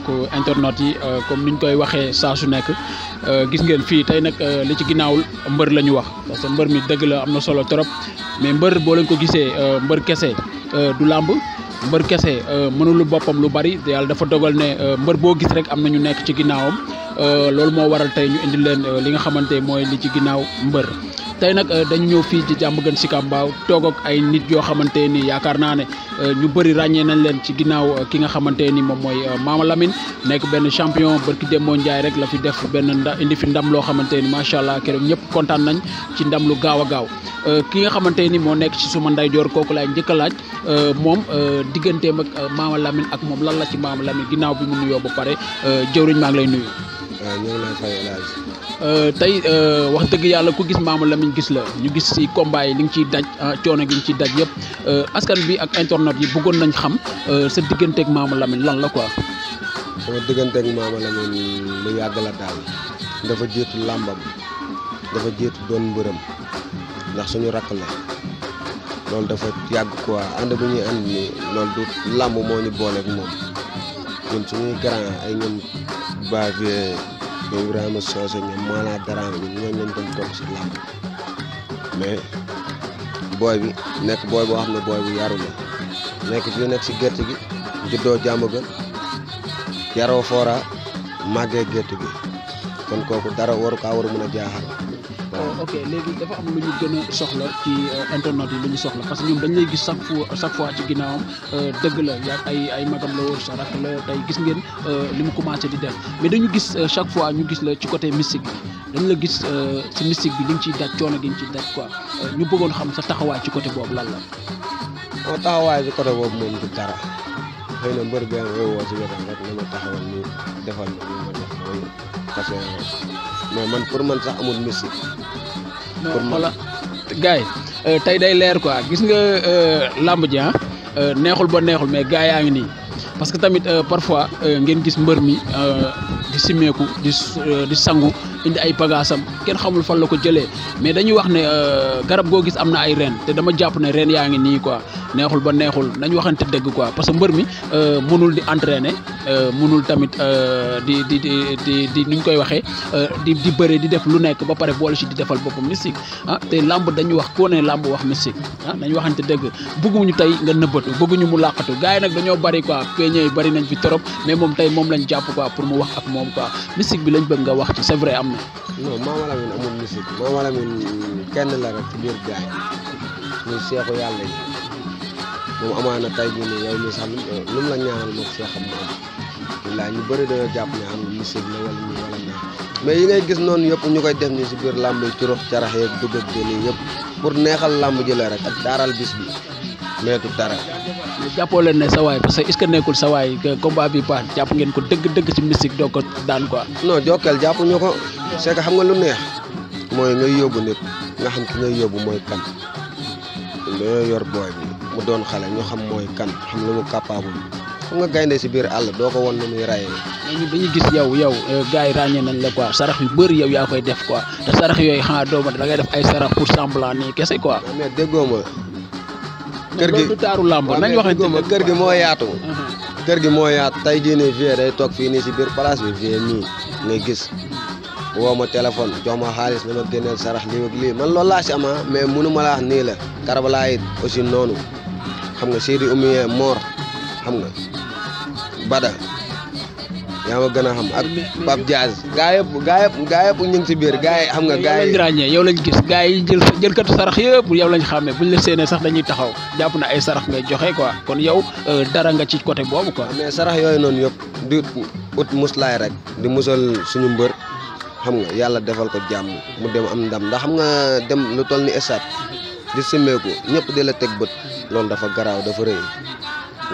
mbokk internet yi comme niñ koy waxee saa su nekk gis ngeen fii tey nag li ci ginnaaw mbër la ñu wax parce que mbër mi dëgg la am na solo trop mais mbër boo leen ko gisee mbër kese du làmb mbër kese mënul boppam lu bari yàlla dafa dogal ne mbër boo gis rek am na ñu nekk ci ginnaawam loolu moo waral tey ñu indi leen li nga xamante mooy li ci ginnaaw mbër tey nag euh, dañ ñëw fii ci jàmm gën Sicap Mbao toog ak ay nit yoo xamante ni yaakaar naa ne euh, ñu bëri ràññee nañ leen ci ginnaaw euh, ki nga xamante ni moom mooy Mama Lamine nekk benn champion barki Demba Ndiaye rek la fi def benn nda indi fi ndam loo xamante ni macha allah keroog ñëpp kontaan nañ ci ndam lu gaaw a gaaw ki nga xamante ni moo nekk ci suma ndeyjoor kooku lay njëkk a laaj moom digganteem ak Mama Lamine ak moom lan la ci Mama Lamine ginnaaw bi mu nuyoo ba pare jëwriñ maa ngi lay nuyu. ñoo ngi lay fay laaj tey wax dëgg yàlla ku gis gis la ñu gis si combat yi li nga daj coono gi daj yëpp askan bi ak internet yi bëggoon nañ xam sa digganteeg maamu lamiñ lan la quoi sama digganteeg maamu lamiñ lu yàgg la daal dafa jiitu làmbam dafa jiitu doon mbërëm ndax suñu rakk la loolu dafa yàgg quoi bu ñuy ni du ñu ñun grand ay ñun Baye Vieux ñoom Ibrahima Socé ñoom Mala Daraame ñoom ñooñu lañ doon topp si làmb mais booy bi nekk booy boo xam ne booy bu yaru la nekk fii nekk si gerte gi juddoo jàmm gën yaroo foora màggee gerte gi kon kooku dara waru kaa war a mën a jaaxal. Euh, ok léegi dafa am lu ñu gën a soxla ci euh, internet yi lu ñu soxla parce que ñoom dañ lay gis chaque fois fois ci ginnaawam euh, la yaa ay ay magam la woon sa rakk la gis ngeen li mu commencé di def mais dañu gis chaque fois ñu gis la ci côté mystique bi dañ la gis si mystique bi li nga ciy daj coono gi nga ciy daj quoi ñu bëggoon xam sa taxawaay ci côté boobu lan la. waaw taxawaay ci côté boobu moom du dara xëy na mbër bi nga woo si wetam rek na ma taxawal parce que mais man pour man sax amul mystique. pour voilà yi euh, tey day leer quoi gis nga euh, làmb ji ah, euh, neexul ba neexul mais gars yaa ngi nii parce que tamit parfois ngeen gis mbër mi di simmeeku di di sangu indi ay bagaasam kenn xamul fan la ko jëlee mais dañuy wax ne euh, garab goo gis am na ay reen te dama jàpp ne reen yaa ngi nii quoi neexul ba neexul nañ waxante dëgg quoi parce que mbër mi euh, mënul di entraîner euh, mënul tamit di di di di nuñ koy waxee di di bëre di def lu nekk ba pare boole si di defal boppam mystique ah te làmb dañuy wax koo ne làmb wax mystique ah nañ waxante dëgg bëgguñu tey nga nëbbatu bëgguñu mu làqatu gars yi nag dañoo bari quoi peñe bari nañ fi trop mais moom tey moom lañ jàpp quoi pour mu wax ak moom quoi mystique bi lañ bëgg nga wax ci c'est am am na. non Mama Lamine amul musique Mama Lamine kenn la rek ci biir gaay yi muy seexu yàlla yi moom amaana tey jii nii yow mi sax euh, lu mu la ñaanal moom seexam mu am ñu bari dañoo jàpp ne am na la wala ñu wala ñaan mais yi ngay gis noonu yëpp ñu koy def nii si biir làmb yi turux carax yépp dugub ji nii pour neexal làmb ji rek ak daaral bis bi. mayeetul dara mais jàppoo leen ne sa waay parce que est ce que nekkul sa waay que combat bi baax jàpp ngeen ko dëgg dëgg ci mystique doo ko daan quoi non jokkal jàppuñu ko c' est que xam nga lu neex mooy ngay yóbbu nit nga xam ki ngay yóbbu mooy kan dañoo yor booy bi mu doon xale ñu xam mooy kan xam lu mu capable xam nga gaynde si biir àll doo ko won nu muy rayee ñu dañu gis yow yow euh, gars yi nañ la quoi sarax yu bëri yow yaa koy def quoi te sarax yooyu xanaa dooma da ngay def ay sarax pour semblant nii kese quoi mais déggoo ma kër gi du taaru làmb nañ waxante ne kër gi moo yaatu. kër gi moo yaat tey jii nii vie day toog fii nii si biir place bi vie nii ngay gis woo ma téléphone jox ma xaalis na ma génneel sarax lii lii man lool laa si am ah, mais munu ma laa wax nii la. Karbala it aussi noonu xam nga Sidi Oumy Mor xam nga Bada. yaa ma gën a xam ak Pape Diaz gaa yëpp gaa yëpp gaa yëpp ñu ngi si biir gaa yi xam nga gaa yi ràññee yow lañ gis gaa yi jël jëlkatu sarax yëpp yow lañ xàmmee buñ la séenee sax dañuy taxaw jàpp na ay sarax ngay joxe quoi kon yow euh, dara nga ci côté boobu quoi mais sarax yooyu noonu yëpp di ut muslaay rek di musal suñu mbër xam nga yàlla defal ko jàmm mu dem am ndam ndax xam nga dem lu toll ni esat di simmeeku ñëpp di la teg bët loolu dafa garaaw dafa rëy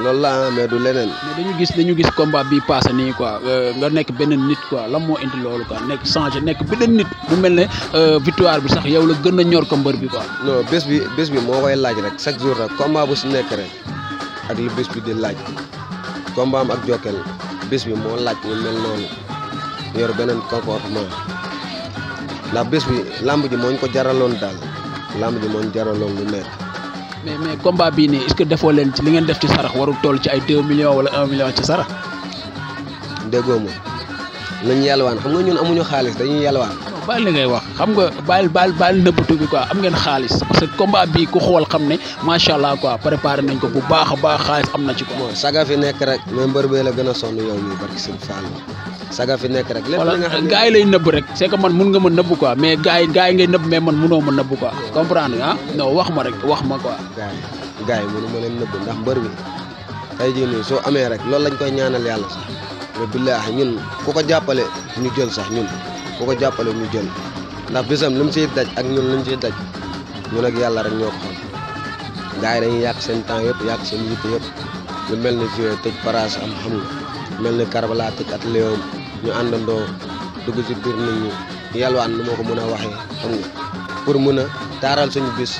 lol la mais du lenen mais dañu gis dañu gis combat bi passé ni quoi euh, nga nek benen nit quoi lam mo indi lolou quoi nek changer nek benen nit bu melne euh victoire bi sax yow la gëna ñor ko mbeur bi quoi non bes bi bes bi mo koy laaj rek chaque jour rek combat bu su nek rek ak li bes bi di laaj combat am ak jokel bes bi mo laaj mu mel non yor benen comportement la bes bi lamb ji moñ ko jaralon dal lamb ji moñ jaralon lu nek mais mais combat bii nii est defoo leen ci li ngeen def ci sarax warul tool ci ay 2 millions wala 1 million ci sarax. déggoo ma nañu yalwaan xam nga ñun amuñu xaalis dañuy yalwaan. non baal li ngay wax xam nga baal baal baal nëbbatu bi quoi am ngeen xaalis parce que combat bii ku xool xam ne macha allah quoi préparé nañ ko bu baax a baax xaalis am na ci quoi. saga nekk rek. mais mbër bee la gën a sonn yow mii barki sëñ Fall. saga fi nek rek lepp li nga xam gaay lay neub rek c'est que man mën nga ma neub quoi mais gaay gaay ngay neub mais man mënoo ma neub quoi comprendre nga non wax ma rek wax ma quoi gaay mënu ma len neub ndax mbeur bi tay ji ni so amé rek lool lañ koy ñaanal yalla sax mais billahi ñun ku ko jappalé ñu jël sax ñun ku ko jappalé ñu jël ndax bisam lim ci daj ak ñun lim ci daj ñu nak yalla rek ñoko xam gaay dañuy yak sen temps yépp yak sen yitte yépp lu melni fi tej parage am xam nga mel ni karbalatik at léewam ñu àndandoo dugg ci biir nit ñi yalwaan nu moo ko mën a waxee xam nga pour mën a taaral suñu bis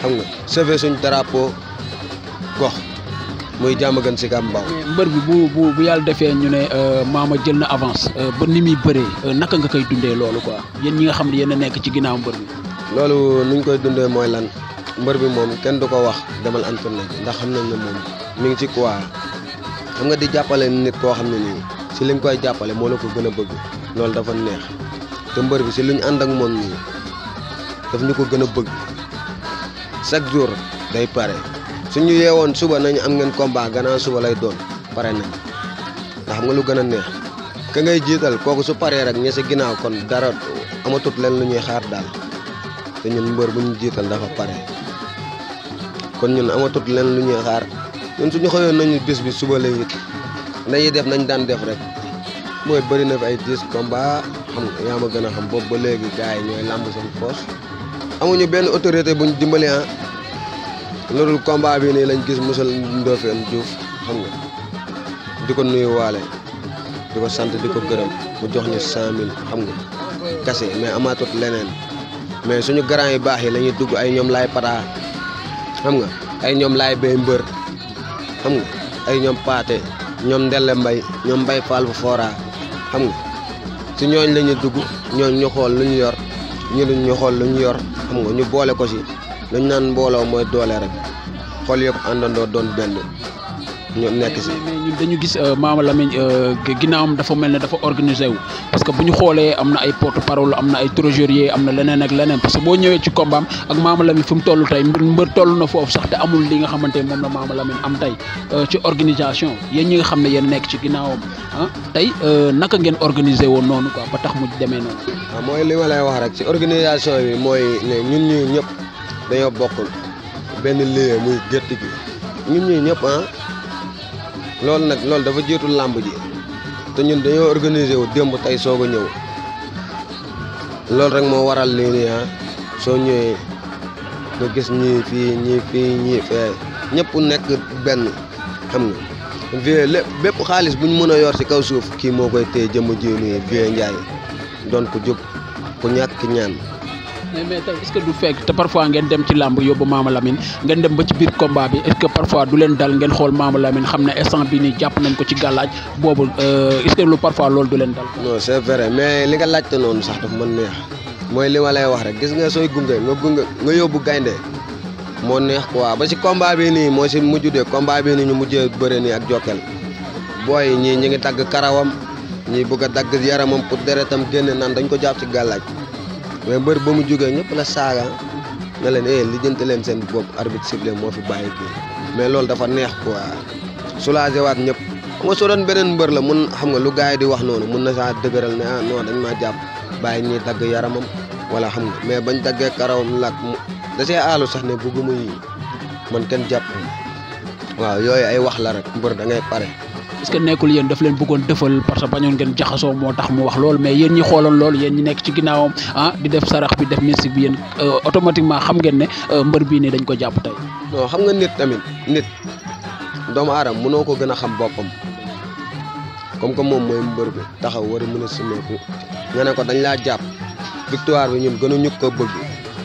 xam nga sauver suñu drapeau gox muy Diamaguène Sicap Mbao mbër bi bu bu bu yàlla defee ñu ne euh, maam a jël na avance euh, ba ni muy bëree euh, naka nga koy dundee loolu quoi yéen ñi nga xam ne yéen a nekk ci ginnaaw mbër bi loolu nu ñu koy dundee mooy lan mbër bi moom kenn du ko wax demal entraîné ndax xam nañ ne moom mi ngi ci quoi xam nga di jappalé nit ko xamni ni ci si koy jappalé mo la ko gëna bëgg lool dafa neex te mbeur bi ci luñ and ak mom ni daf ñu ko bëgg chaque jour day pare suñu yéwon suba nañ am ngeen combat gëna suba lay doon pare nañ ndax xam nga lu gëna neex ka ngay jital koku su paré rek ñi ginaaw kon dara amatu leen lu ñuy xaar dal te ñun mbeur buñu jital dafa pare kon ñun amatu leen lu ñuy xaar ñun suñu xëyoon nañu bis bi suba lay it nañuy def nañ daan def rek mooy bëri na ay dix combat xam nga yaa ma gën a xam boobu ba léegi gars yi ñooy làmb seen poos amuñu benn autorité buñ dimbali ah loolu combat bi nii lañ gis musal Ndofène Diouf xam nga di ko nuyu waale di ko sant di ko gërëm mu jox ñu cent xam nga kase mais amaatut leneen mais suñu grand yu baax yi la ñuy dugg ay ñoom laay pataa xam nga ay ñoom laay bay mbër xam nga ay ñoom paate ñoom ndelle mbay ñoom mbay faal bu foora xam nga si ñooñ lañu dugg ñooñ ñu lu ñu yor ñu duñ ñu xool lu ñu yor xam nga ñu boole ko si lu ñu naan mbooloo mooy doole rek xool yëpp àndandoo doon benn ñoom nekk si. ñun dañu gis euh, Mama Lamine euh, ginnaawam dafa mel ne dafa organisé wu parce que bu ñu xoolee am na ay porte parole am na ay trésorier am na leneen ak leneen parce que boo ñëwee ci combat ak Mama Lamine fi mu toll tey mbër toll na foofu sax te amul li nga xamante ne moom la Mama Lamine am tey euh, ci organisation yéen ñi nga xam ne yéen nekk ci ginnaawam ah tey naka ngeen organisé woon noonu quoi ba tax mu demee noonu. Ah, mooy li ma wax rek ci organisation bi mooy ne ñun ñii ñëpp dañoo bokk benn lieu muy gerte gi ñun ñii ñëpp ah, loolu nag loolu dafa jiitul làmb ji te ñun dañoo organiser wu démb tey soog a ñëw loolu rek moo waral lii nii ah soo ñëwee nga gis ñii fii ñii fii ñii fee ñëpp nekk benn xam nga vie lépp bépp xaalis bu ñu mën a yor ci kaw suuf kii moo koy téye jëmm jiw nii vie njaay doon ko jub ku ñàkk ñaan mais mais tay est ce que du fek te parfois ngeen dem ci lamb yobu Mama Lamine ngeen dem ba ci bir combat bi est ce que parfois du len dal ngeen xol Mama Lamine xamna instant bi ni japp nañ ko ci galaj bobu euh est ce que lu parfois loolu du len dal. non c'est vrai mais li nga te non sax dafa mën neex moy li walay wax rek gis nga soy gungé nga gungé nga yobu gaynde mo neex quoi ba ci combat bi ni mo ci mujj de combat bi ni ñu mujjé beure ni ak jokkel boy ñi ñi ngi tag karawam ñi bëgg a yaramam pour deretam genn nan dañ ko japp ci galaj mais bumi juga mu jógee la saaga ne leen eh lijjanti leen seen bopp arbitre fi bàyyi ki mais dafa neex quoi soulagé waat ñëpp nga soo doon beneen mbër la mun xam nga lu gars di wax mun na ne ah non dañ maa jàpp bàyyi ñuy dagg yaramam wala xam nga mais bañ daggee karawam lak mu da see aalu sax ne bëgguma yi man ken jàpp waaw yooyu ay wax la rek da ngay pare parce que nekul yeen daf leen bëggoon defal parce que bañoon ngeen jaxaso mo tax mu wax lool mais yeen ñi xooloon lool yeen ñi nekk ci ginnaawam ah di def sarax bi def mystique bi yeen euh, automatiquement xam ngeen ne euh, mbeur bi ne dañ ko japp tay non xam nga nit tamit nit doom aadama mëno ko gëna xam bopam comme comme mom moy mbeur bi taxaw wara mëna sumeku nga ne ko dañ la japp victoire bi ñun ñuk ko bëgg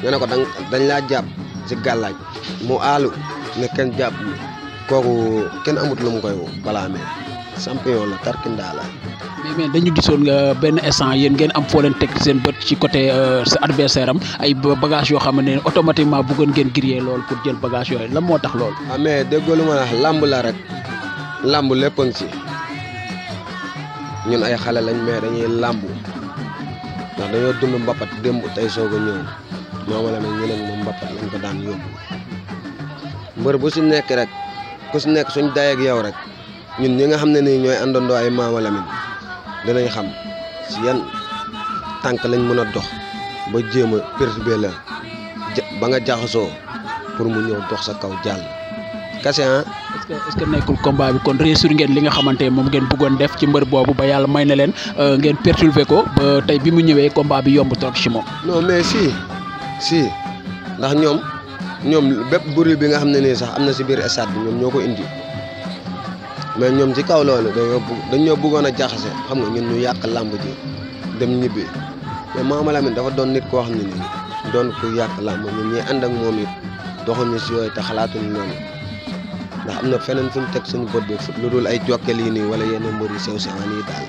nga ne ko dañ la japp ci gàllaaj mu alu ne kenn japp kooku ken amut lu mu koy balaamee champion la tarkinda la mais mais dañu gissone nga ben instant yeen ngeen am fo len tek sen beut ci côté euh, sa adversaire am ay bagage yo xam automatiquement bu bëggoon ngeen griller lool pour jël bagage yo la motax tax lool ah mais déggoo lu wax lamb la rek lamb lépp ngi ci ñun ay xalé lañ mais dañuy lamb ndax dañu dund mbapat demb tay soog ñew ñëw la ñu leen moom mbapat lañ ko daan yobbu mbeur bu ci nekk rek ku ci nekk suñ day ak yow rek ñun ñi nga xamne ni ñoy andando ay mama Lamine dinañ xam si yan tank lañ mëna dox ba jéem perturber la ba nga jaxoso pour mu ñëw dox sa kaw jall kase ah est-ce est-ce nekul combat bi kon réussir ngeen li nga xamanté mom ngeen bëggoon def ci mbeur bobu ba yalla may na leen euh, ngeen perturber ko ba tay bi mu ñëwee combat bi yomb trop si mom non mais si si ndax ñom ñoom bépp bruit bi nga xamné ne sax amna ci biir stade bi ñoom indi mais ñoom ci kaw loolu dañoo dañoo bëggoon a jaxase xam nga ñun ñu yàq làmb ji dem ñibbi mais Mama Lamine dafa doon nit koo xam ne nii doon ku yàq làmb ñun ñuy ànd ak moom it doxuñu si yooyu te xalaatuñu noonu ndax am na feneen fu ñu teg suñu bët bi lu dul ay jokkeel yi nii wala yenn mbër yu sew sewaan yi daal.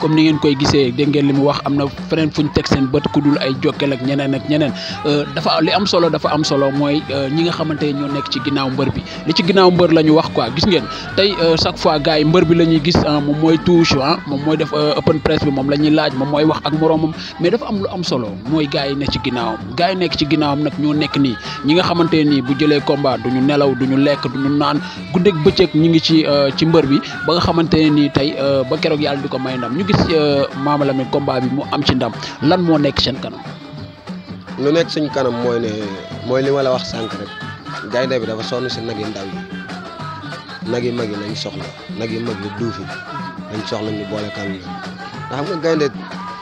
comme ni ngeen koy gisee dégg ngeen li mu wax am na feneen fu ñu teg seen bët ku dul ay jokkeel ak ñeneen ak ñeneen euh, dafa li am solo dafa am solo mooy euh, ñi nga xamante ne ñoo nekk ci ginnaaw mbër bi li ci ginnaaw mbër la ñu wax quoi gis ngeen tey euh, chaque fois gars yi mbër bi la ñuy gis ah, moom mooy touche ah moom mooy def open press moom la ñuy laaj moom mooy wax ak moroomam mais dafa am lu am solo mooy gars yi nekk ci ginnaawam gars nekk ci ginnaawam nag ñoo nekk nii ñi nga xamante ne nii bu jëlee combat du ñu nelaw du ñu lekk du ñu naan guddeeg bëccëg ñu ngi ci ci mbër bi ba nga xamante ne nii tey ba keroog yàlla di ko may ndam ñu gis euh, Mama Lamine combat bi mu am ci ndam lan moo nekk seen kanam. lu nekk suñ kanam mooy ne mooy li ma la wax sànq rek gaynde bi dafa sonn si nag yi ndaw yi nag yi mag yi soxla nag yi mag yi duufi nañ ñu boole kan yi nga xam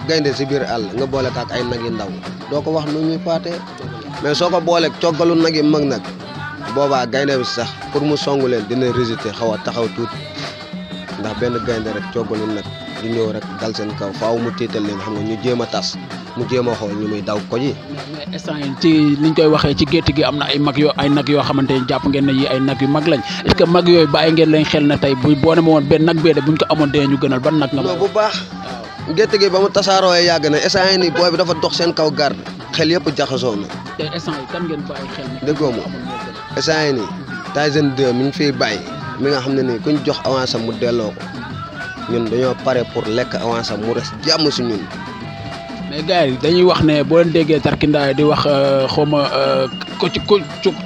gaynde si biir àll nga boole kaak ay nag yi ndaw doo ko wax nu ñuy paatee mais soo ko booleeg coggalu nag yi mag nag boobaa gaynde bi sax pour mu songu leen dina résister xaw a taxaw tuuti ndax benn gaynde rek coggalu nag du ñëw rek dal seen kaw faaw mu tiital leen xam nga ñu jéem a tas mu jéem a xool ñu muy daw ko ji. mais instant yi ci niñ koy waxee ci gétt gi am na ay mag yoo ay nag yoo xamante ne jàpp ngeen ne yi ay nag yu mag lañ est ce que mag yooyu bàyyi ngeen leen xel na tey bu boo demee woon benn nag bee de buñ ko amoon dee ñu gënal ban nag. nga bu baax gétt gi ba mu tasaaroo yàgg na instant yi nii booy bi dafa dox seen kaw garde xel yëpp jaxasoo na. tey instant yi kan ngeen bàyyi xel. déggoo ma instant yi nii Tyson de mi ngi fiy bàyyi mi nga xam ne nii kuñ jox avance mu delloo ko ñun dañoo paré pour lek avance mu res jamm su ñun mais gars yi dañuy wax né bo leen déggee tarkindaa di wax euh, xoma euh, ko ci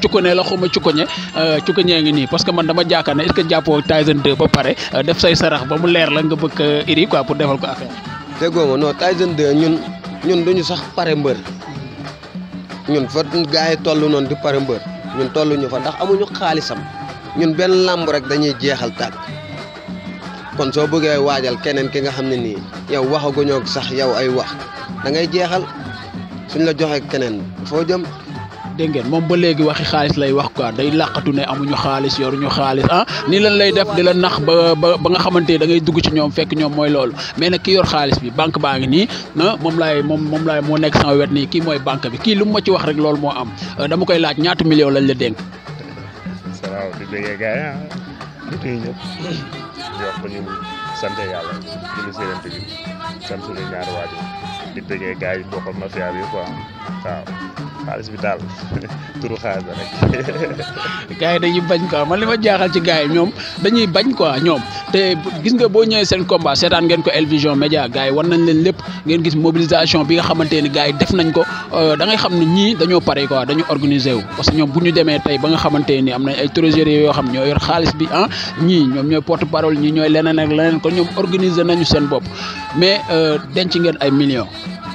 ko né la xoma ci ko ñé euh, ci ko ñé ngi ni parce que man dama jaaka né est ce que jàppoo Tyson 2 ba paré def say sarax ba mu lèr la nga bëkk iri quoi pour défal ko affaire déggoo ma non Tyson 2 ñun ñun duñu sax paré mbeur ñun fa gaay yi toll noonu di paré mbeur ñun tollu ñu fa ndax amuñu xaalisam ñun ben lamb rek dañuy jéxal tak kon soo bëggee waajal keneen ki nga xam ne nii yow waxaguñoo sax yow ay wax da ngay jeexal suñ la joxe keneen foo jëm. dégg moom ba léegi waxi xaalis lay wax quoi day làqatu ne amuñu xaalis yoruñu xaalis ah nii lan lay def di la nax ba ba ba nga xamante dangay dugg ci ñoom fekk ñoom mooy loolu mais nag ki yor xaalis bi banque baa ngi nii ah moom laay moom moom laay moo nekk sama wet nii kii mooy banque bi kii lu mu ma ci wax rek loolu moo am ah, dama koy laaj ñaata million lañ la dénk. salaamaaleykum. wax ba ñu sant yàlla julli séerante bi sant suñu ñaar waajur di bëggee gars yi bokkal mafia bi quoi waaw xaalis bi daal turu xaalis rek. gars yi dañuy bañ quoi man li ma jaaxal ci gars yi ñoom dañuy bañ quoi ñoom te gis nga boo ñëwee seen combat seetaan ngeen ko El Vision Média gars yi war nañ leen lépp ngeen gis mobilisation bi nga xamante ni gars yi def nañ ko euh, da ngay xam ne ñii dañoo pare quoi dañu organiser wu parce que ñoom bu ñu demee tey ba nga xamante ni am nañ ay trésoriers yoo xam ñoo yor xaalis bi ah ñii ñoom ñooy porte parole ñii ñooy leneen ak leneen kon ñoom organiser nañu seen bopp mais euh, denc ngeen ay millions.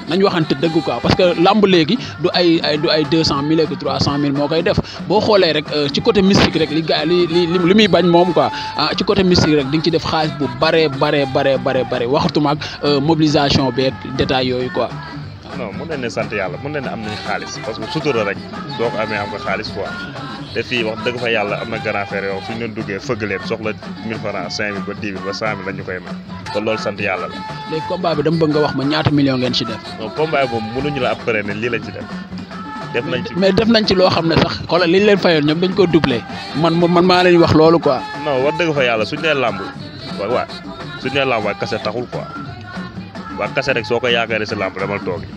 nañ waxante dëgg quoi parce que làmb léegi du ay ay du ay deux cent mille trois cent mille moo koy def boo xoolee rek euh, ci côté mystique rek li gars li li li muy bañ moom quoi ah ci côté mystique rek di nga ci def xaalis bu bare bare bare bare bare waxatuma ak euh, mobilisation beeg détail yooyu quoi non mun nañ ne sant yàlla mun nañ ne am nañ xaalis parce sutura rek soo ko amee am nga xaalis quoi te fii wax dëgg fa yàlla am na grand frère yow fu duggee fëgg leen soxla 1000 francs sant yàlla la. léegi combat bi dama bëgg nga ma ñaata million ngeen ci def. non combat bi ne lii lañ nañ ci mais def nañ ci loo xam ne sax xoolal liñ leen fayoon ñoom dañ ko doublé man man maa wax loolu quoi. non wax dëgg fa yàlla suñu nee làmb waaw waaw kase taxul quoi. waa kase rek soo ko yaakaaree sa làmb demal toogi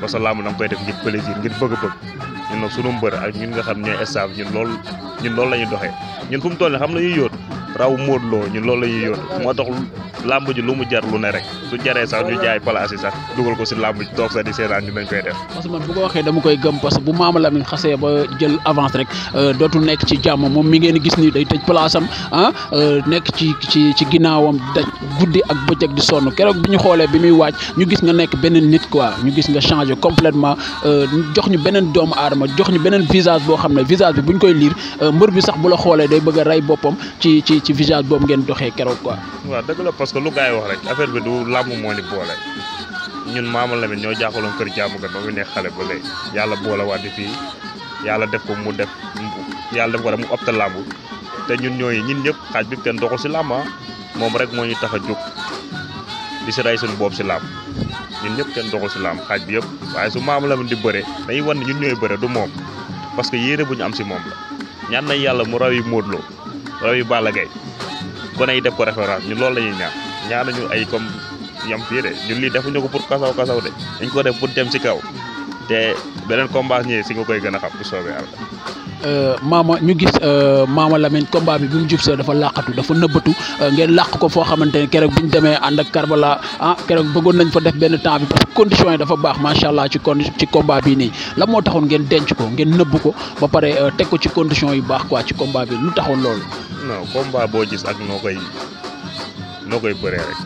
parce que làmb da nga koy def ngir plaisir ngir bëgg-bëgg ñun nag sunu mbër ak ñun nga xam ñooy staff ñun lool ñun loolu la ñu doxee ñun fu mu toll nii xam na ñuy yóot raw Modou Lo ñun loolu la ñuy yónni moo tax làmb ji lu mu jar lu ne rek su jaree sax ñu jaay place sax dugal ko si làmb toog sax di seetaan ñu nañ koy def. parce que bu ko waxee koy gëm parce xasee ba jël avance rek euh, dootul nekk ci jàmm moom mi ngeen gis ni day tëj place am ah euh, nekk ci ci ci ginnaawam daj guddi ak bëccëg di sonn keroog bi ñu xoolee bi muy wàcc ñu gis nga nekk beneen nit quoi ñu gis nga changé complètement euh, jox ñu beneen doomu aadama jox ñu beneen visage boo xam ne visage bi buñ koy liir mbër bi sax bu la xoolee day bëgg a rey boppam ci ci ci visage boobu ngeen doxee keroog quoi. waaw dëgg la parce que lu gars yi wax rek affaire bi du làmb moo ni boole ñun Maama Lamine ñoo jaaxaloon kër jàmm gan ba mu nekk xale ba léegi yàlla boole waa di fii yàlla def ko mu def yàlla def ko rek mu opte làmb te ñun ñooyu ñun ñëpp xaaj bi kenn doxul si làmb ah. moom rek moo ñu tax a jóg di si ray suñu boobu si làmb ñun ñëpp kenn doxul si làmb xaaj bi yëpp waaye su Maama Lamine di bëre dañuy wan ne ñun ñooy bëre du moom parce que yéere bu ñu am si moom la ñaan nañ yàlla mu raw yi raw Balla Gaye gone yi def ko référence ñun loolu la ñuy ñaan ñaanuñu ay comme yam fii de ñun lii defuñu ko pour kasaw kasaw de dañ ko def pour dem ci kaw te beneen combat ñëwee si nga koy gën a xam bu soobee Yàlla Euh, maama ñu gis euh, maama Lamine combat bi bu mu jub see dafa làqatu dafa nëbbatu euh, ngeen làq ko foo xamante ne keroog bi ñu demee ànd ak Karbala ah keroog bëggoon nañ fa def benn temps bi parce que condition yi dafa baax macha allah ci con ci combat bii nii la moo taxoon ngeen denc ko ngeen nëbb ko ba pare teg ko ci condition yu baax quoi ci combat bi lu taxoon loolu. non combat boo gis ak noo koy noo koy bëree rek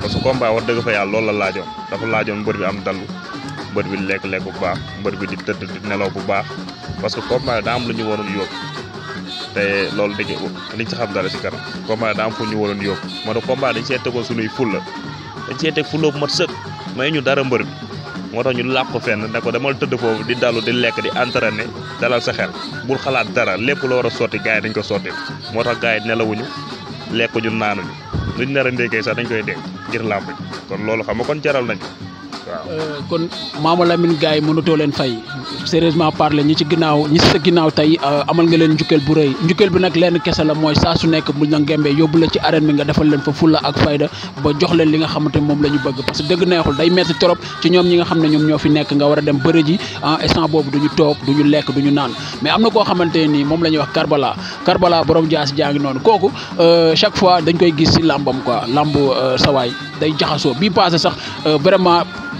parce que combat wax dëgg fa yàlla loolu la laajoon dafa laajoon mbër bi am dallu mbër bi lekk lekk bu baax mbër bi di tëdd di nelaw bu baax. parce que combat daa am lu ñu waroon yóbbu te loolu dañuy liñ ci xam dara si kanam combat daa am fu ñu waroon yóbbu moo tax combat dañ see tegoon suñuy fulla ñu dara mbër moo tax ñu làq ko fenn ne ko demal tëdd foofu di dalu di lekk di entraîné dalal sa xel bul xalaat dara lépp loo war a sotti gars yi dañ ko sotti moo tax gars yi nelawuñu lekkuñu naanuñu luñ nar a ndékkee sax dañ koy dégg ngir làmb kon loolu xam nga kon jaral nañu Euh, kon Maama Lamine Gaye mënatoo leen fay sérieusement parler ñi ci ginnaaw ñi ci sa ginnaaw tey euh, amal nga leen njukkal bu rëy njukkal bi nag lenn kese la mooy saa su nekk buñ la ngembee yóbbu la ci arène bi nga defal leen fa moom la ñu bëgg parce que dëgg neexul day metti trop ci ñoom ñi nga xam ne ñoom ñoo fi nekk nga war a dem bëre ji ah, instant boobu duñu toog duñu lekk duñu naan mais am na koo xamante nii moom la ñuy wax Karbala Karbala borom jaas jaa ngi noonu kooku euh, chaque fois dañ koy gis si làmbam quoi làmb sawaay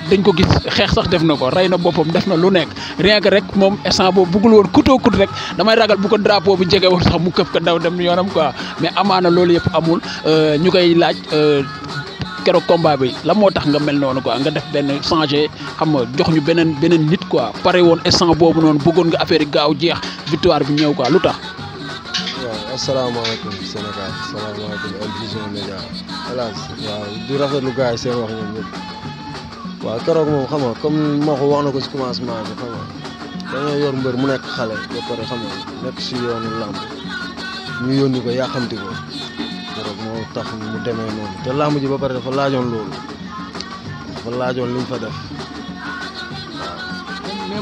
dañ ko gis xeex sax def na ko rey na boppam def na lu nekk rien que rek moom instant boobu bëggul woon kutoo kut rek damay ragal bu ko drapeau bi jege woon sax mu këpp ko daw dem yoonam quoi mais amaana loolu yëpp amul euh, ñu koy laaj euh, keroog combat bi la moo tax nga mel woon quoi nga def benn changé xam nga jox ñu beneen beneen nit quoi pare woon instant boobu noonu bëggoon nga affaire yi gaaw jeex victoire bi ñëw quoi lu tax. waaw asalaamaaleykum Sénégal asalaamaaleykum El Vision Médias waaw keroog moom xam nga comme moo ko wax na ko si commencement bi xam nga dañoo yor mbër mu nekk xale ba pare xam nga nekk si yoonu làmb ñu yónni ko yàqamti ko keroog moo tax mu demee noonu te làmb ji ba pare dafa laajoon loolu dafa laajoon li mu def.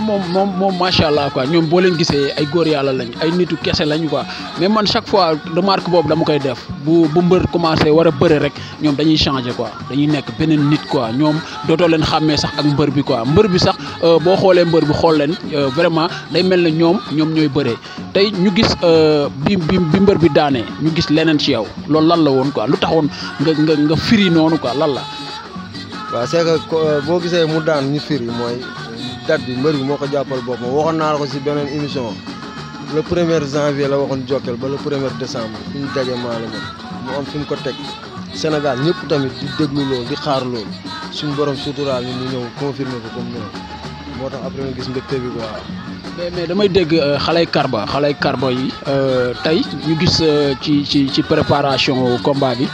moom moom moom macha allah quoi ñoom boo leen gisee ay góor yàlla lañ ay nitu kese lañ quoi mais man chaque fois remarque boobu dama koy def bu bu mbër commencé war a bëre rek ñoom dañuy changer quoi dañuy nekk beneen nit quoi ñoom dootoo leen xàmmee sax ak mbër bi quoi mbër bi sax euh, boo xoolee mbër bi xool leen euh, vraiment day mel ne ñoom ñoom ñooy bëree tey ñu gis euh, bi bi bi mbër bi daanee ñu gis leneen ci yow loolu lan la woon quoi lu taxoon nga nga nga firi noonu quoi lan la. boo gisee mu daan ñu firi mooy. date bi mbër bi moo ko jàppal boppam waxoon naa la ko si beneen émission le premier janvier la waxoon Jokal ba le premier décembre fi ñu daje maa la mu am fi mu ko teg Sénégal ñëpp tamit di déglu loolu di xaar loolu suñu borom suturaal ñu mu ñëw confirmer ko comme noonu moo tax après nga gis mbégte bi quoi. mais mais damay dégg euh, xaley Karba xaley Karba yi euh, tey ñu gis euh, ci ci ci préparation combat bi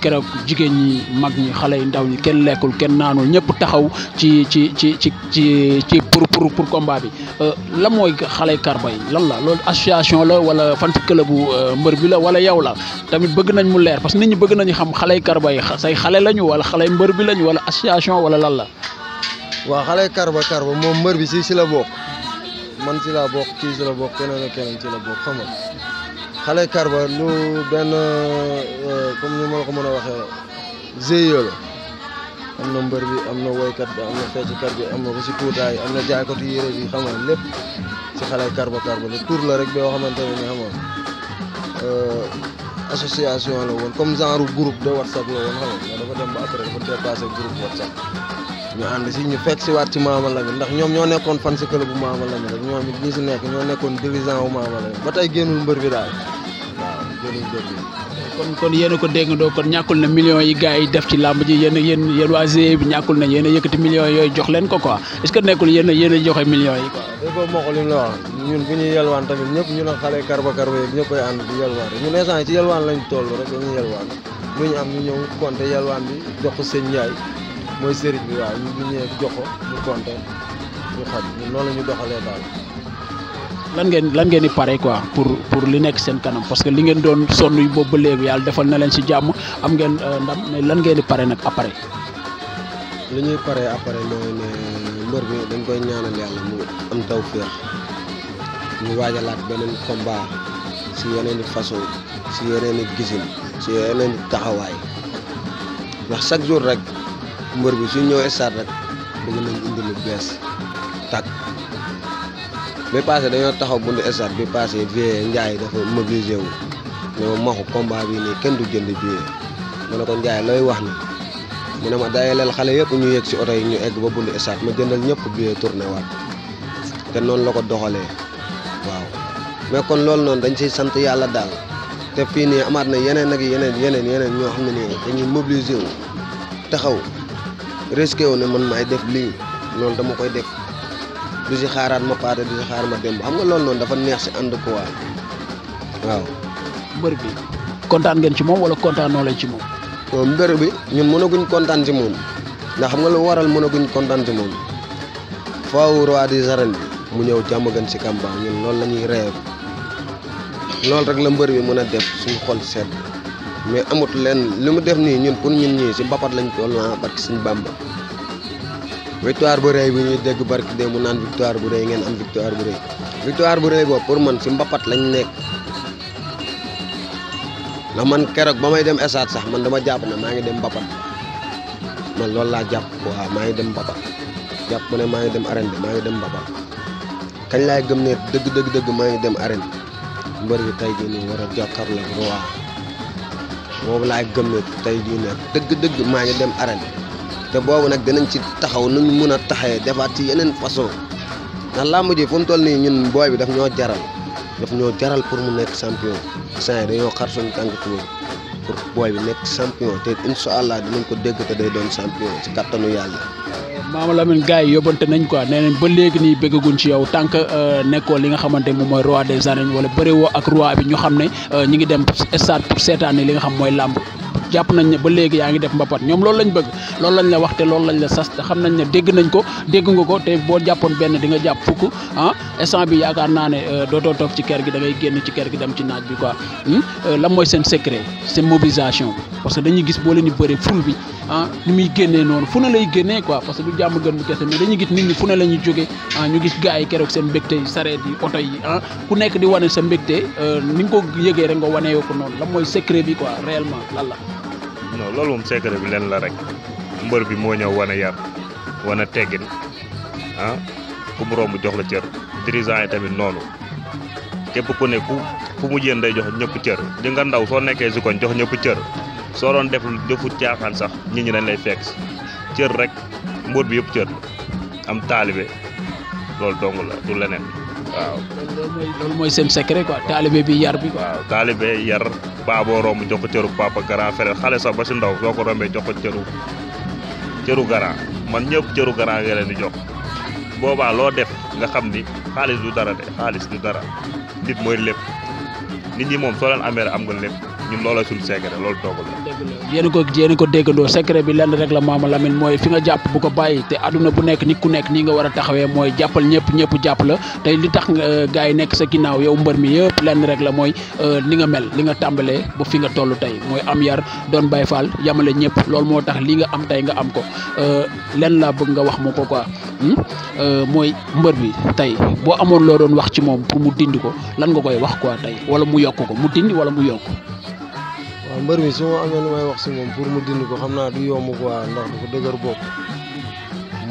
keroog jigéen ñi mag ñi xale yu ndaw ñi kenn lekkul kenn naanul ñëpp taxaw ci ci ci ci ci ci pour pour pour combat bi lan mooy xaley Karba yi lan la loolu association la wala fan club bu mbër bi la wala yow la tamit bëgg nañ mu leer parce que nit ñi bëgg nañu xam xaley Karba yi say xale lañu xale xaley mbër bi lañu wala association wala lan la. waaw xaley Karba Karba moom mbër bi si si la bokk. man ci laa kii ci la bokk keneen ak keneen ci la bokk xam xale Karba lu benn euh, comme ni ma la ko mën a waxee GIE la am na mbër bi am na woykat bi am na fecckat bi am na ko si kuutaay am na jaaykatu yére bi xam nga lépp si xale Karba Karba la tur la rek boo xamante ne ni xam euh, association la woon comme genre groupe de WhatsApp la woon xam nga dafa dem ba après dafa dépassé groupe WhatsApp. ñu ànd si ñu fekk si waat ci Maama Lamine ndax ñoom ñoo nekkoon fan si club bu Maama Lamine rek ñoom nekkoon dirigeant wu Maama Lamine ba tey a ko kon ñàkkul na millions yi gars yi def ci làmb ji yéen yéen yéen waa GIE bi ñàkkul na yéen a yëkkati millions yooyu jox leen ko quoi est ce yéen a yéen a joxe ñu ne xale karba karba yeeg ñëpp ay ànd di yelwaan ñun instant ci yelwaan lañ toll rek dañuy yelwaan lu ñu am ñu ñëw compter yelwaan bi jox ko sëñ Ndiaye moy serigne bi waaw ñu ñu ñëw jox ko ñu konté ñu xam ñu noonu la ñu doxalee daal. lan ngeen lan ngeen ni paré quoi pour pour li nekk seen kanam parce que li ngeen doon sonu bo boobu ba léegi yàlla defal na leen ci jamm am ngeen euh, ndam mais lan ngeen ni paré nak après. li ñuy paré après moy né mbeur bi dañ koy ñaanal yalla mu am tawfiq ñu wajalat benen combat ci yeneen i façon ci yeneen i gisin si yeneen i taxawaay ndax chaque jour rek. mbër bi suñ ñëw stade rek bëgg nañ indi lu bees tàkk bi passé dañoo taxaw bundu stade bi passé vie Ndiaye dafa mobilisé wu ne ma maxu combat bi nii kenn du jënd billet ma ne ko Ndiaye looy wax ni mu ne ma dajaleel xale yëpp ñu yegg si oto yi ñu egg ba bundu stade ma jëndal ñëpp billet tourné waat te noonu la ko doxalee waaw mais kon loolu noonu dañ siy sant yàlla daal te fii nii amaat na yeneen ak yeneen yeneen yeneen ñoo xam ne nii dañuy mobilisé wu taxaw risqué wu ne man maay def lii loolu dama koy def du si xaaraat ma paate du si xaar ma dem xam nga loolu noonu dafa neex si ànd ko waa waaw. mbër bi kontaan ngeen ci moom wala kontaanoo lañ ci moom. mbër bi ñun mënaguñ kontaan si moom ndax xam nga lu waral mënaguñ kontaan ci moom faaw roi des arènes bi mu ñëw jàmm gën si kàmbaam ñun loolu la ñuy rêve loolu rek la mbër bi mën a def suñu xol sedd. mais amut len limu def ni ñun pour ñun ñi ci bapat lañ ko la ah, barki suñu bamba victoire bu reuy bu ñu dégg barki dé mu naan victoire bu reuy ngeen am victoire bu reuy victoire bu reuy bo pour man ci bapat lañ nekk la man kérok bamay dem esat sax man dama japp na ma ngi dem bapat man lool la japp ko ma ngi dem bapat japp ne ma ngi dem arène ma ngi dem bapat kañ lay gëm ne deug deug deug ma ngi dem arène mbeur yi tay gi ni wara la roi boobu laay gëm ne tey jii ne dëgg-dëgg maa ngi dem arène te boobu nag dinañ ci taxaw nu ñu mën a taxawee defaat ci yeneen façon ndax làmb ji fu mu nii ñun booy bi daf ñoo jaral daf ñoo jaral pour mu nekk champion saa yi dañoo xar suñu tànk tuur pour booy bi nekk champion te incha allah dinañ ko dégg te day doon champion ci kattanu yàlla. Maama Lamine gars yi yóbbante nañ quoi nee nañ ba léegi nii bëggaguñ ci yow tant que euh, nekkoo li nga xamante moom mooy roi des arènes wala bëri woo ak roi bi ñu xam ne euh, ñi ngi dem stade pour seetaan li nga xam mooy làmb jàpp nañ ne ba léegi yaa ngi def mbapat ñoom loolu lañ bëgg loolu lañ la wax te loolu lañ la sas te xam nañ ne dégg nañ ko dégg nga ko te boo jàppoon benn di nga jàpp fukk ah instant bi yaakaar naa ne euh, doo toog ci kër gi da ngay génn ci kër gi dem ci naaj bi quoi hmm? lan mooy seen secret seen mobilisation parce que dañuy gis boo leen di bëri ful bi ah ni muy génnee noonu fu ne lay génnee quoi parce que du jàmm gën bu kese mais dañuy gis nit ñi fu ne la ñuy ah, ñu gis gars yi keroog seen mbégte yi sareet yi oto yi ah, ku nekk di wane sa mbégte euh, ni nga ko yëgee rek nga wane yoo ko noonu lan mooy secret bi quoi réellement lan la. non loolu moom secret bi leen la rek mbër bi moo ñëw wane yar wane teggin ah ku mu jox la cër dirigeant yi tamit noonu képp ku ne ku fu mu yéen day jox ñëpp cër di nga ndaw soo nekkee si koñ jox ñëpp soo doon def defu caaxaan sax ñu ñi dañ lay fekk cër rek mbóot bi yëpp cër am taalibe loolu dong la du leneen waaw. loolu mooy seen secret quoi taalibe bi yar bi. taalibe yar paa boo romb jox ko cëru papa grand frère xale sax ba si ndaw soo ko rombee jox ko cëru cëru grand man ñëpp cëru grand nga leen di jox boobaa loo def nga xam ni xaalis du dara de xaalis du dara nit mooy lépp nit ñi moom soo leen amee am nga lépp ñun looloo suñu secret loolu doogul yéen ko yéen ko déggandoo secret bi lenn rek la Mama Lamine mooy fi nga jàpp bu ko bàyyi te àdduna bu nekk nit ku nekk nii nga war a taxawee mooy jàppal ñëpp ñëpp jàpp la tey li tax euh, gars yi nekk sa ginnaaw yow mbër mi yëpp lenn rek la mooy euh, ni nga mel li nga tàmbalee ba fi nga toll tey mooy am yar doon bay Faal yamale ñëpp loolu moo tax li nga am tey nga am ko euh, lenn laa bëgg nga wax ma ko quoi hmm? mooy mbër bi tey boo amoon loo doon wax ci moom pour mu dindi ko lan nga koy wax quoi tey wala mu yokk ko mu dindi wala mu yokk mbeur mi suma amé amee may wax ci mom pour mu dindi ko xamna naa du yomb quoi ndax dafa dëgër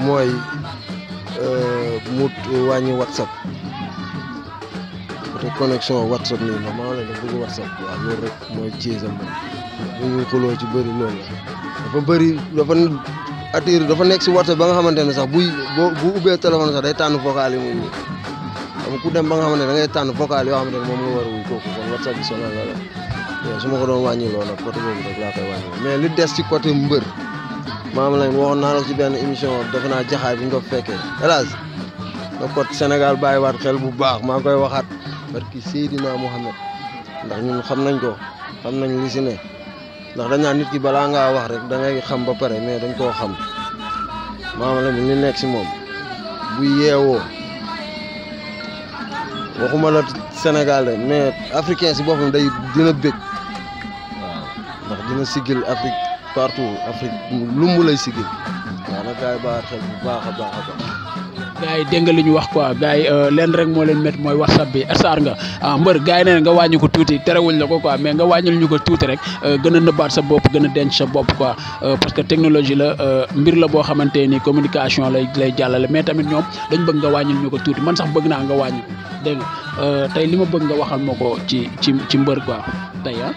moy euh mu euh, wañi whatsapp té connexion whatsapp ni nii la maa ngi leen di bëgg whatsapp waaw loolu rek mooy ciisam bu ñuy xuloo ci bëri lool dafa bëri dafa atir dafa nek ci whatsapp ba nga xamante sax bu bu ubé téléphone sax day tan vocal yi muy ku dem ba nga xamante da ngay tan vocal yo xamante mom moom nga war a wuy kon whatsapp bi sonal la la su ma ko doon wàññi loolu nag côté boobu rek laa koy wàññi mais li des ci côté mbër maam lañ waxoon naa ci benn émission defe naa jaxaay bi ñu ko fekkee hélas na côté Sénégal bàyyiwaat xel bu baax maa ngi koy waxaat barki Seydina Mohamed ndax ñun xam nañ ko xam nañ li si ne ndax dañ naan nit ki balaa ngaa wax rek da xam ba pare mais dañ koo xam maam lañ li nekk si moom bu yeewoo waxuma la Sénégal mais africain si boppam day dina bëgg dina sigil Afrique partout Afrique lu mu lay sigil waaw nag gars yi baax xel bu baax a baax dégg nga li ñu wax quoi gars yi euh, leen rek moo leen métti mooy wax whatsapp bi star nga ah mbër gars yi nga wàññi ko tuuti terewuñ na ko quoi mais nga wàññil ñu ko tuuti rek euh, gën a nëbbaat sa bopp gën a denc sa bopp quoi euh, parce que technologie la mbir la boo xamante nii communication lay lay jàllale mais tamit ñoom dañ bëgg nga wàññil ñu ko tuuti man sax bëgg naa nga wàññi ko nga tey li ma bëgg nga waxal ma ko ci ci ci mbër quoi ah,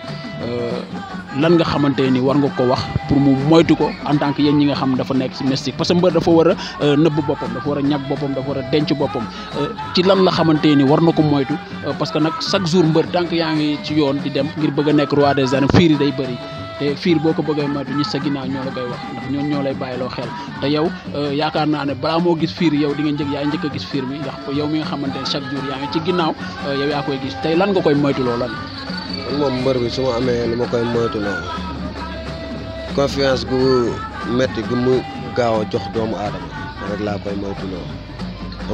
lan nga xamante ni war nga ko wax pour mu moytu ko en tant que yéen ñi nga xam dafa nekk ci mystique parce que mbër dafa war a euh, nëbb boppam dafa war a ñag boppam dafa war a denc boppam euh, ci lan la xamante ni war na ko moytu euh, parce que nag chaque jour mbër tant yaa ngi ci yoon di dem ngir bëgg a nekk roi des arènes fiir day bëri. te fiir boo ko bëggee moytu ñi sa ginnaaw ñoo la koy wax ndax ñoo ñoo lay bàyyiloo xel te yow euh, yaakaar naa ne balaa moo gis fiir yow di nga njëkk yaa njëkk a gis fiir bi ndax yow mi nga xamante ne chaque jour yaa ngi ci ginnaaw euh, yow yaa koy gis tey lan nga koy moytuloo lan moom mbër bi amee lu ma koy moytuloo confiance gu métti gu mu gaaw a jox doomu aadama rek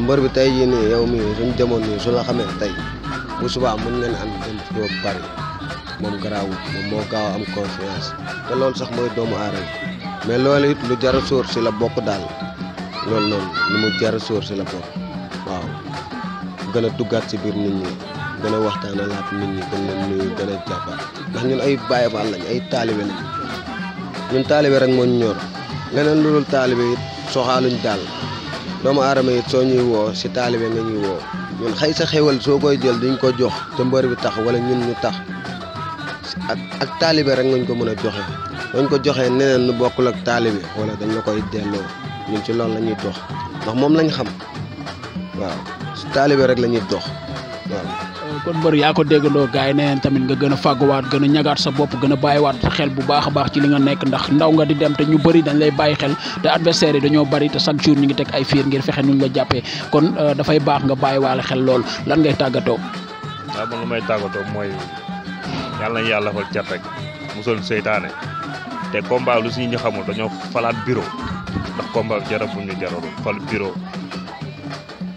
mbër bi tey jii nii yow mii suñ demoon nii su la xamee tey bu subaa mun ngeen am dem toog bari moom garaawul moom moo gaaw am confiance te loolu sax mooy doomu aadama mais lool it lu jar a sóor si la bokk daal lool noonu lu mu jar a sóor si la bokk waaw gën a duggaat si biir nit ñi gën a waxtaanalaat nit ñi gën leen nuyu gën a jàppaat ndax ñun ay Baay Faal lañ ay taalibe lañ ñun taalibe rek moo ñor leneen lu dul taalibe it soxaaluñ daal doomu aadama it soo ñuy woo si taalibe nga ñuy woo ñun xëy sa xéwal soo koy jël duñ ko jox te mbër bi tax wala ñun ñu tax ak ak taalibe rek ngañ ko mën a joxe dañ ko joxee neneen nu bokkul ak taalibe wala dañ la koy delloo ñun ci loolu lañuy ñuy dox ndax moom lañ xam waaw su taalibe rek la ñuy dox waaw. Euh, kon mbër yaa ko déggandoo gars yi neneen tamit nga gën a fàgguwaat gën a ñagaat sa bopp gën a bàyyiwaat xel bu baax a baax ci li nga nekk ndax ndaw nga di dem te ñu bëri dañ lay bàyyi xel te adversaire yi dañoo bari te chaque jour ñu ngi teg ay fiir ngir fexe nuñ la jàppee kon euh, dafay baax nga bàyyiwaale xel lool lan ngay tàggatoo. waaw man lu tàggatoo yàlla nañu yàlla fal cat rek musal seytaane te combat lu si ñu xamul dañoo falaat bureau ndax combat bi jarab bu ñu jarul fal bureau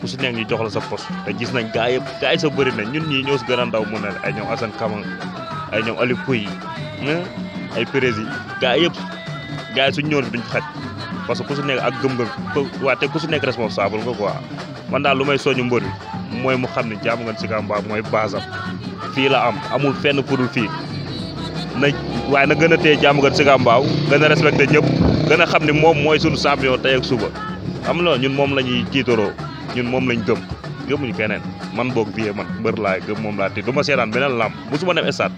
ku si nekk ñu jox la sa poste te gis nañ gaa yëpp gaa yi sa bëri na ñun ñi ñoo si gën a ndaw mu ay ñoom asan Kama ay ñoom Aliou ay prési gaa yëpp gaa yi suñ ñëwoon duñ xaj parce que ku si nekk ak gëm-gëm waa te ku su nekk responsable nga quoi man daal lu may soñu mbër mooy mu xam ne jàmm nga si Kamba mooy basam fii la am amul fenn fudul fii na waaye na gën a téye jàmm gën Sicap Mbao gën a respecté ñëpp gën xam ni moom mooy sunu champion tey suba am la ñun moom la ñuy tiitaroo ñun moom lañ gëm gëmuñu keneen man boog bii man mbër laay gëm moom laa tiit du ma seetaan beneen làmb musuma dem stade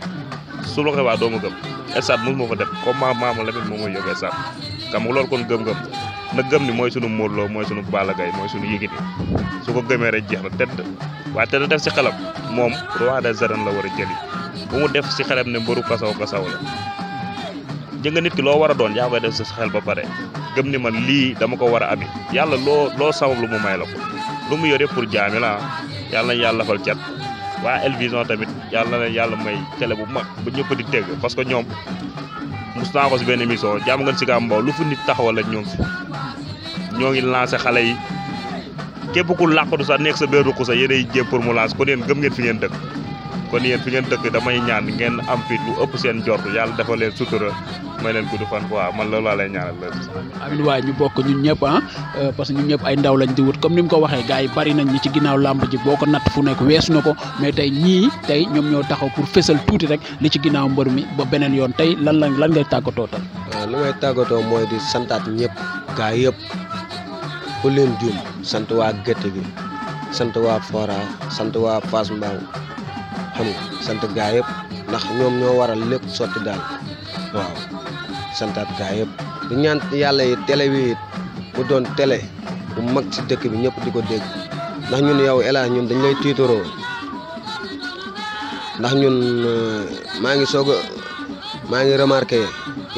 su la waa doo ma gëm stade mosuma fa def comme ma maama Lamine moom mooy yóbbu stade xam nga kon gëm-gëm na gëm ni mooy sunu Modou Lo mooy sunu Balla Gaye mooy sunu Yékini su ko gëmee rek jeex na tedd waaye te def si xelam moom roi des arènes la war a jëli bu mu def si xelam ne mbëru kasaw kasaw la jë nga nit loo war a doon yaa koy def si xel ba pare gëm ni man lii dama ko war a abi yàlla loo loo sabab lu mu may la ko lu mu yore pour jaami la yàlla nañ yàlla fal cat waa El Vision tamit yàlla na yàlla may tele bu mag bu ñëpp di teg parce que ñoom mos naa ko si benn émission jàmm ngeen Sicap Mbao lu fu nit taxawal la ñoom ñoo ngi lancé xale yi képp ku làqatu sax nekk sa benn ruq sax yéenay jéem pour mu lancé ko neen gëm ngeen fi ngeen dëkk. kon yéen fi ngeen dëkk damay ñaan ngeen am fi lu ëpp seen jort yàlla dafa leen sutura may leen gudd fan waaw man loolu laa lay ñaanal la amin waaye ñu bokk ñun ñëpp ah euh, parce que ñun ay ndaw lañ di wut comme ni mu ko waxee gars yi bari nañ ñi ci ginnaaw làmb ji boo ko natt fu nekk weesu na ko mais tey ñii tey ñoom ñoo taxaw pour fésal tuuti rek li ci ginnaaw mbër mi ba beneen yoon tey lan lan lan ngay tàggatoo tal waaw li may tàggatoo mooy di santaat ñëpp gaa yëpp ku leen juum sant waa gerte gi sant waa Fora sant waa Fass Mbaw xam nga sant gaa yëpp ndax ñoom ñoo waral lépp sotti daal waaw santaat gaa yëpp di ñaan yàlla yi télé bi it mu doon tele bu mag ci dëkk bi ñëpp di ko dégg ndax ñun yow El ñun dañ lay tiitaroo ndax ñun eh, maa ngi soog a maa ngi remarqué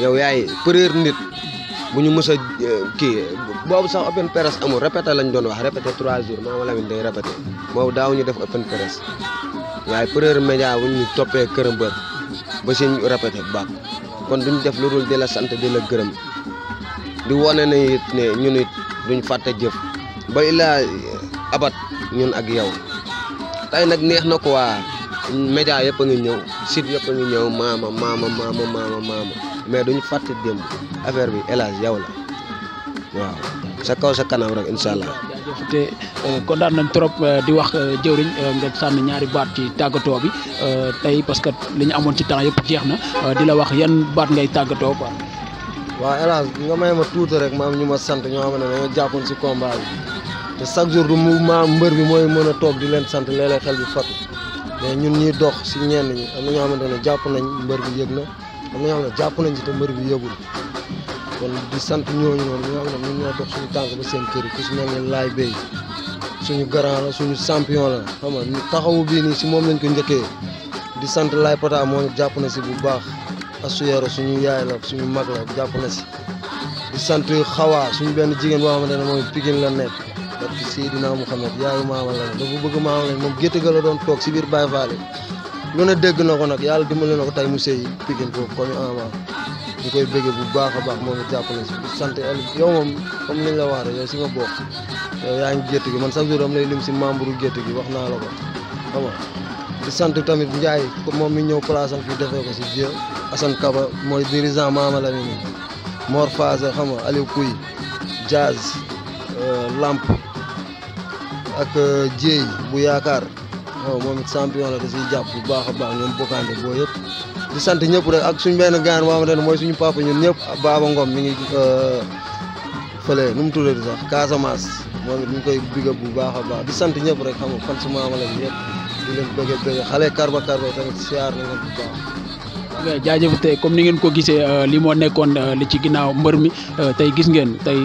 yow yaay première nit bu ñu mës a eh, kii boobu sax open press amul répété lañ doon wax répété trois jours maama Lamine day répété boobu daaw ñu def open press waaye première média bu ñu toppee kër mbër ba si ñu répété baax kon duñ def lu dul di la sant di la gërëm di wane ne it ne ñun it fàtte jëf ba ilaa abat ñun ak yow tey nag neex na ko waa média yëpp a ñëw site yëpp a ñëw maama maama maama maama maama mais duñ fàtte démb affaire bi El Hadj yow la waaw sa kaw sa kanam allah te euh, kon daan nañ trop euh, di wax euh, jëwriñ nga sànn ñaari baat ci tàggatoo bi tey parce que li ñu amoon ci temps yëpp jeex na di la wax yan baat ngay tàggatoo quoi. waaw El Hadj nga may ma tuuti rek ma am ñu ma sant ñoo xam ne jàppoon si combat bi te chaque jour mbër bi mooy mën a toog di leen sant léeg xel bi fatu mais ñun ñuy dox si ñenn ñi am xamante ne jàpp nañ mbër bi yëg na am na ñoo xam jàpp nañ ci te mbër bi yëgul. kon di sant ñooñu noonu ñoo xam ne ñun ñoo dox suñu tànk ba seen kër ku si mel ne laay béy suñu grand la suñu champion la xam nga taxawu bii nii si moom lañ ko njëkkee di sant laay pota moo ñu jàpp na si bu baax asuyero suñu yaay la suñu mag la jàpp na si di sant xawaa suñu benn jigéen boo xamante ne moom Pikine la nekk parce que Seydina Mouhamed yaayu maama la dafa bëgg maama la moom gétt ga la doon toog si biir Baye Fall lu ne dégg na ko nag yàlla dimbali na ko tey mu sëy Pikine foofu ko ñu ama ñu koy bëggee bu baax a baax moom it jàppale si sant yow moom comme liñ la wax yow si nga bokk yow yaa ngi gétt gi man chaque jour dama lay lim si membre gétt gi wax naa la ko xam sant tamit Ndiaye moom mi ñëw place am fii defee ko si vieux Assane mooy dirigeant maama la ni ni Mor Faase xam nga Aliou Kuy Jazz euh, Lamp ak euh, Dieye bu yaakaar moom it champion la si jàpp bu baax a baax ñoom bokkaande boo yëpp di sant ñëpp rek ak suñ benn gaan boo xamante ne mooy suñu papa ñun ñëpp Baba Ngom mi ngi euh, fële nu mu tuddati sax Casamance moom it ñu koy bigab bu baax a baax di sant ñëpp rek xam nga fan su maama la ñëpp di leen bëgg bëgg xale karba karba tamit siyaar na leen baax Eh, jaajëf tey comme ni ngeen ko gisee euh, li moo nekkoon euh, li ci ginnaaw mbër mi euh, tey gis ngeen tey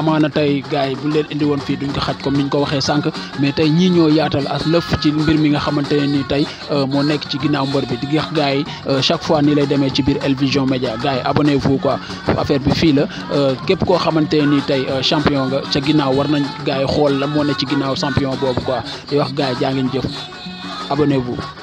amaana tey gars yi buñ leen indi woon fii duñ ko xaj comme ni ñu ko waxee sànq mais tey ñii ñoo yaatal as lëf ci mbir mi nga xamante ne nii tey moo nekk ci ginnaaw mbër bi di wax gars yi chaque fois ni lay demee ci biir El Vision Média gars yi abonnez-vous quoi affaire bi fii la képp koo xamante ne nii tey champion nga ca ginnaaw war nañ gars yi xool la moo ne ci ginnaaw champion boobu quoi i wax gars yi jaa ngeen jëf abonnez